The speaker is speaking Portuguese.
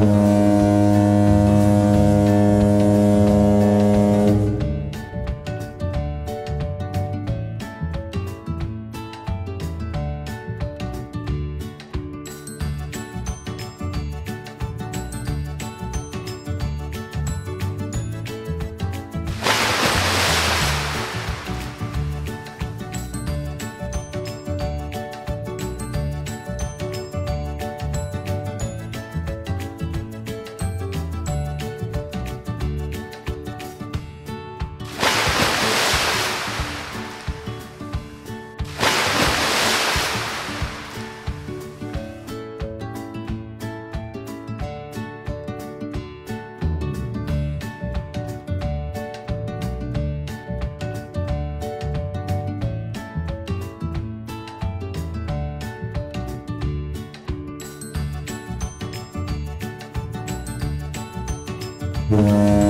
Mm-hmm. Música uhum.